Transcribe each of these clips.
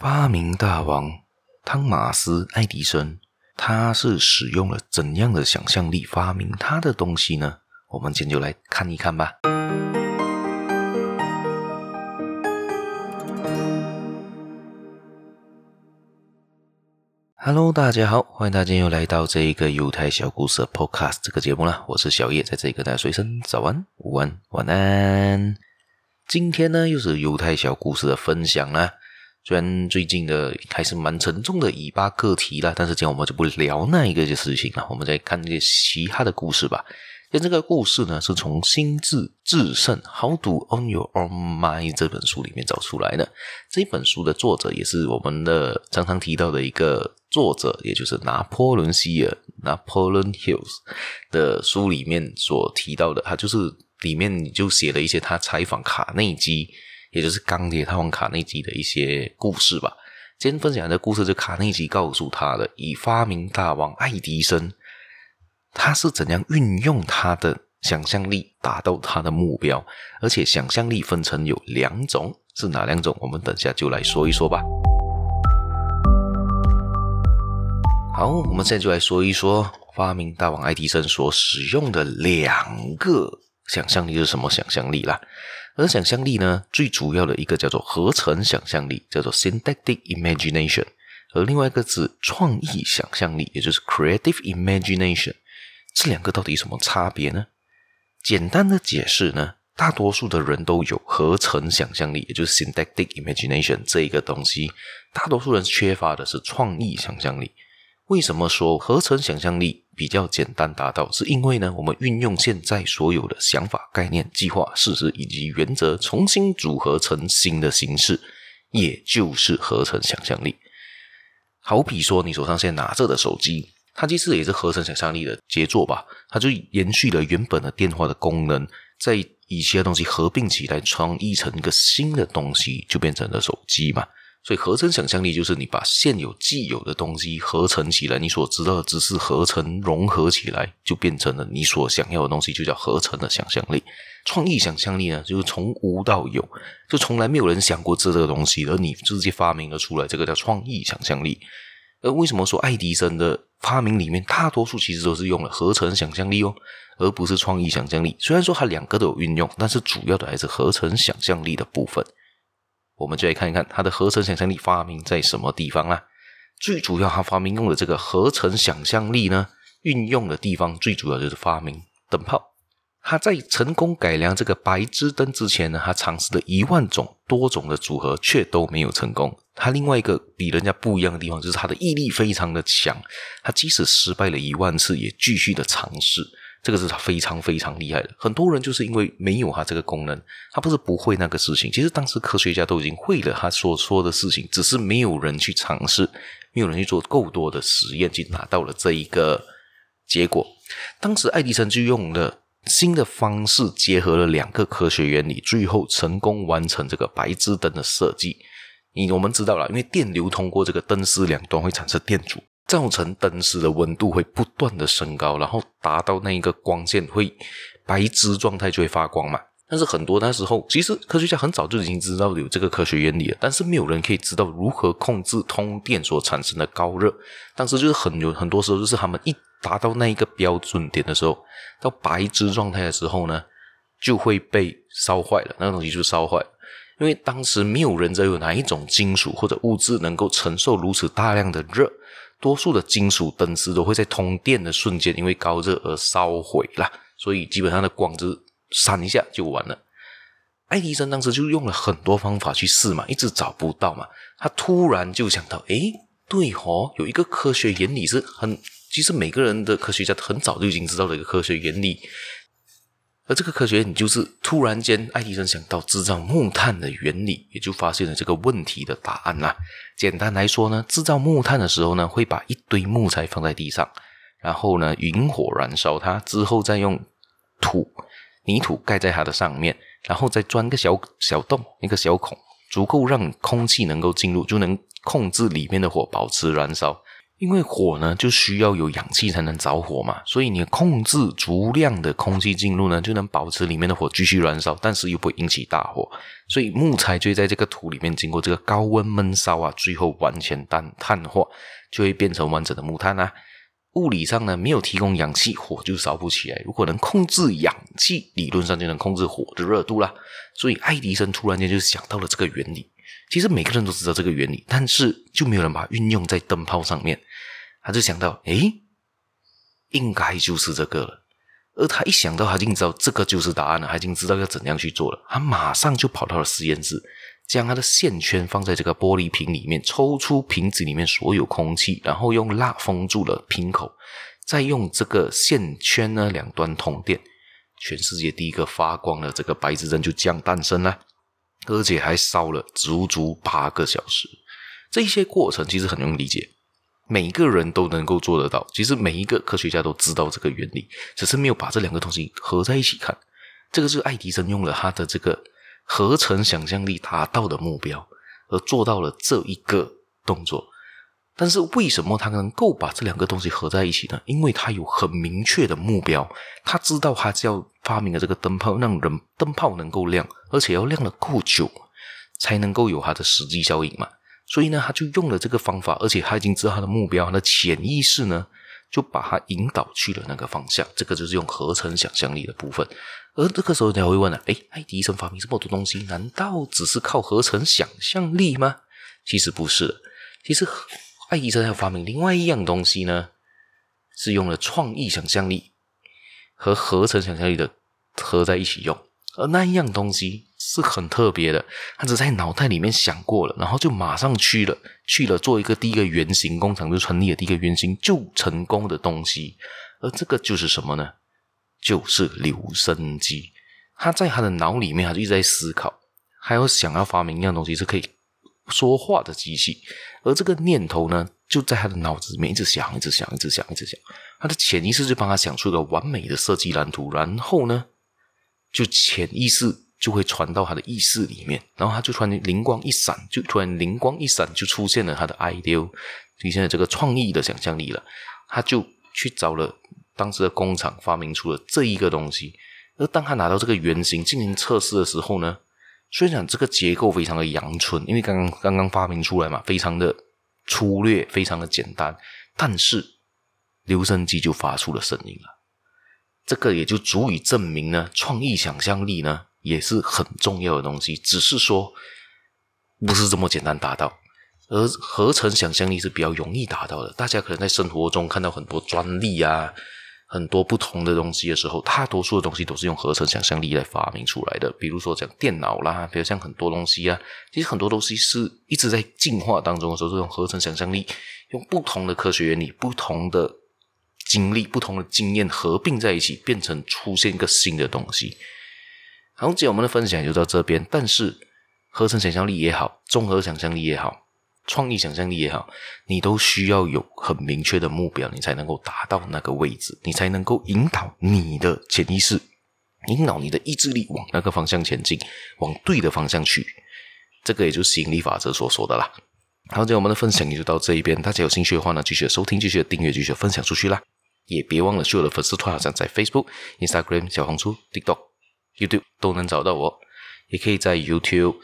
發明大王湯馬斯愛迪生，他是使用了怎樣的想象力發明他的東西呢？我們今天就來看一看吧。Hello，大家好，歡迎大家又來到這一個猶太小故事的 Podcast 這個節目了。我是小葉，在這裡跟大家說一聲早安、午安、晚安。今天呢，又是猶太小故事的分享啦。雖然最近的還是蠻沉重的以巴課題啦，但是今天我們就不聊那一個事情了，我們再看一些其他的故事吧。那這個故事呢，是從《心智制勝：How to Own Your Own Mind》這本書裡面找出來的。這本書的作者也是我們的常常提到的一個作者，也就是拿破崙希爾，拿破崙 Hills 的書裡面所提到的。他就是裡面就寫了一些他採訪卡內基。也就是鋼鐵大王卡內基的一些故事吧。今天分享的故事就卡內基告訴他的，以發明大王愛迪生，他是怎樣運用他的想象力達到他的目標，而且想象力分成有兩種，是哪兩種？我們等一下就來說一說吧。好，我們現在就來說一說發明大王愛迪生所使用的兩個想象力是什麼想象力啦。而想象力呢，最主要的一個叫做合成想象力，叫做 synthetic imagination，而另外一個字創意想象力，也就是 creative imagination，這兩個到底有什麼差別呢？簡單的解釋呢，大多數的人都有合成想象力，也就是 synthetic imagination，這一個東西，大多數人缺乏的是創意想象力。為什麼說合成想象力？比較簡單達到，是因為呢，我們運用現在所有的想法、概念、計劃、事實以及原則，重新組合成新的形式，也就是合成想象力。好比說，你手上現在拿着的手機，它其實也是合成想象力的傑作吧？它就延續了原本的電話的功能，再以其他東西合併起來，創意成一個新的東西，就變成了手機嘛。所以，合成想象力就是你把現有既有的東西合成起來，你所知道的知識合成融合起來，就變成了你所想要的東西，就叫合成的想象力。創意想象力呢，就是從無到有，就從來沒有人想過這個東西，而你自己發明了出來，這個叫創意想象力。而為什麼說愛迪生的發明裡面大多數其實都是用了合成想象力哦，而不是創意想象力。雖然說它兩個都有運用，但是主要的還是合成想象力的部分。我們就來看一看他的合成想象力發明在什麼地方啦。最主要他發明用的這個合成想象力呢，運用的地方最主要就是發明燈泡。他在成功改良這個白熾燈之前呢，他嘗試了一萬種多種的組合，卻都沒有成功。他另外一個比人家不一樣的地方就是他的毅力非常的強，他即使失敗了一萬次，也繼續的嘗試。這個是非常非常厲害的，很多人就是因為沒有它這個功能，他不是不會那個事情。其實當時科學家都已經會了他所說、說的事情，只是沒有人去嘗試，沒有人去做夠多的實驗，去拿到了這一個結果。當時愛迪生就用了新的方式，結合了兩個科學原理，最後成功完成這個白熾燈的設計。你我們知道了，因為電流通過這個燈絲兩端會產生電阻。造成燈絲的溫度會不斷的升高，然後達到那一個光線會白熾狀態就會發光嘛。但是很多那時候，其實科學家很早就已經知道有這個科學原理了，但是沒有人可以知道如何控制通電所產生的高熱。當時就是很有很多時候，就是他們一達到那一個標準點的時候，到白熾狀態的時候呢，就會被燒壞了，那個東西就燒壞了，因為當時沒有人知道哪一種金屬或者物質能夠承受如此大量的熱。多數的金屬燈絲都會在通電的瞬間因為高熱而燒毀了，所以基本上的光只閃一下就完了。愛迪生當時就用了很多方法去試嘛，一直找不到嘛，他突然就想到，誒對哦，有一個科學原理是很，其實每個人的科學家很早就已經知道了一個科學原理。而這個科學，你就是突然間，愛迪生想到制造木炭的原理，也就發現了這個問題的答案啦。簡單來說呢，制造木炭的時候呢，會把一堆木材放在地上，然後呢，引火燃燒它，之後再用土泥土蓋在它的上面，然後再鑽一個小小洞，一個小孔，足夠讓空氣能夠進入，就能控制裡面的火，保持燃燒。因為火呢就需要有氧氣才能着火嘛，所以你控制足量的空氣進入呢，就能保持裡面的火繼續燃燒，但是又不會引起大火。所以木材就會在這個土裡面經過這個高溫悶燒啊，最後完全碳碳化，就會變成完整的木炭啊。物理上呢沒有提供氧氣，火就燒不起來。如果能控制氧氣，理論上就能控制火的熱度啦。所以愛迪生突然間就想到了這個原理。其實每個人都知道這個原理，但是就沒有人把它運用在燈泡上面。他就想到，誒，應該就是這個了。而他一想到，他已經知道這個就是答案了，他已經知道要怎樣去做了。他馬上就跑到了實驗室，將他的線圈放在這個玻璃瓶裡面，抽出瓶子裡面所有空氣，然後用蠟封住了瓶口，再用這個線圈呢兩端通電，全世界第一個發光的這個白熾燈就這樣誕生了。而且還燒了足足八個小時，這一些過程其實很容易理解，每一個人都能夠做得到。其實每一個科學家都知道這個原理，只是沒有把這兩個東西合在一起看。這個是愛迪生用了他的這個合成想象力達到的目標，而做到了這一個動作。但是為什麼他能夠把這兩個東西合在一起呢？因為他有很明確的目標，他知道他要。發明了這個燈泡，讓人燈泡能夠亮，而且要亮的夠久，才能夠有它的實際效應嘛。所以呢，他就用了這個方法，而且他已經知道他的目標，它的潛意識呢，就把它引導去了那個方向。這個就是用合成想象力的部分。而這個時候、啊，你還會問了，哎，愛迪生發明這麼多東西，難道只是靠合成想象力嗎？其實不是，其實愛迪生還要發明另外一樣東西呢，是用了創意想象力和合成想象力的。合在一起用，而那一樣東西是很特別的，他只在腦袋裡面想過了，然後就馬上去了，去了做一個第一個原型工程，就成立了第一個原型就成功的東西。而這個就是什麼呢？就是留聲機。他在他的腦裡面，他就一直在思考，還有想要發明一樣東西是可以說話的機器。而這個念頭呢，就在他的腦子裡面一直想，一直想，一直想，一直想。他的潛意識就幫他想出一個完美的設計藍圖，然後呢，就潛意識就會傳到他的意識裡面，然後他就突然靈光一閃，就突然靈光一閃，就出現了他的 idea，體現了這個創意的想象力了。他就去找了當時的工廠，發明出了這一個東西。而當他拿到這個原型進行測試的時候呢，雖然這個結構非常的陽春，因為剛剛剛剛發明出來嘛，非常的粗略，非常的簡單，但是留聲機就發出了聲音了。這個也就足以證明呢，創意想象力呢也是很重要的東西，只是說不是這麼簡單達到，而合成想象力是比較容易達到的。大家可能在生活中看到很多專利啊，很多不同的東西的時候，大多數的東西都是用合成想象力來發明出來的。比如說講電腦啦，比如像很多東西啊，其實很多東西是一直在進化當中的時候，是用合成想象力，用不同的科學原理，不同的。經歷不同的經驗合併在一起，變成出現一個新的東西。好，這樣，我們的分享就到這邊。但是，合成想象力也好，綜合想象力也好，創意想象力也好，你都需要有很明確的目標，你才能夠達到那個位置，你才能夠引導你的潛意識，引導你的意志力往那個方向前進，往對的方向去。這個也就是吸引力法則所說的啦。好，這樣，我們的分享也就到這一邊。大家有興趣的話呢，繼續收聽，繼續訂閱，繼續分享出去啦。也別忘了去我的粉絲團，好像在 Facebook、Instagram、小紅書、TikTok、YouTube 都能找到我。也可以在 YouTube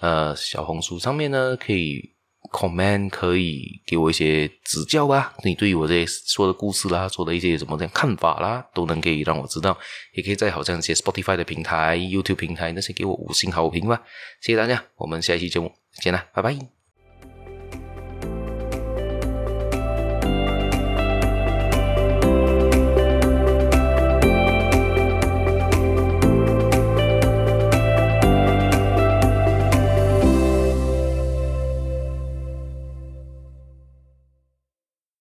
呃、呃小紅書上面呢，可以 comment，可以給我一些指教啊。你對於我這些說的故事啦，說的一些什麼這樣看法啦，都能可以讓我知道。也可以在好像一些 Spotify 的平臺、YouTube 平臺那些給我五星好評吧。謝謝大家，我們下一期節目再見啦，拜拜。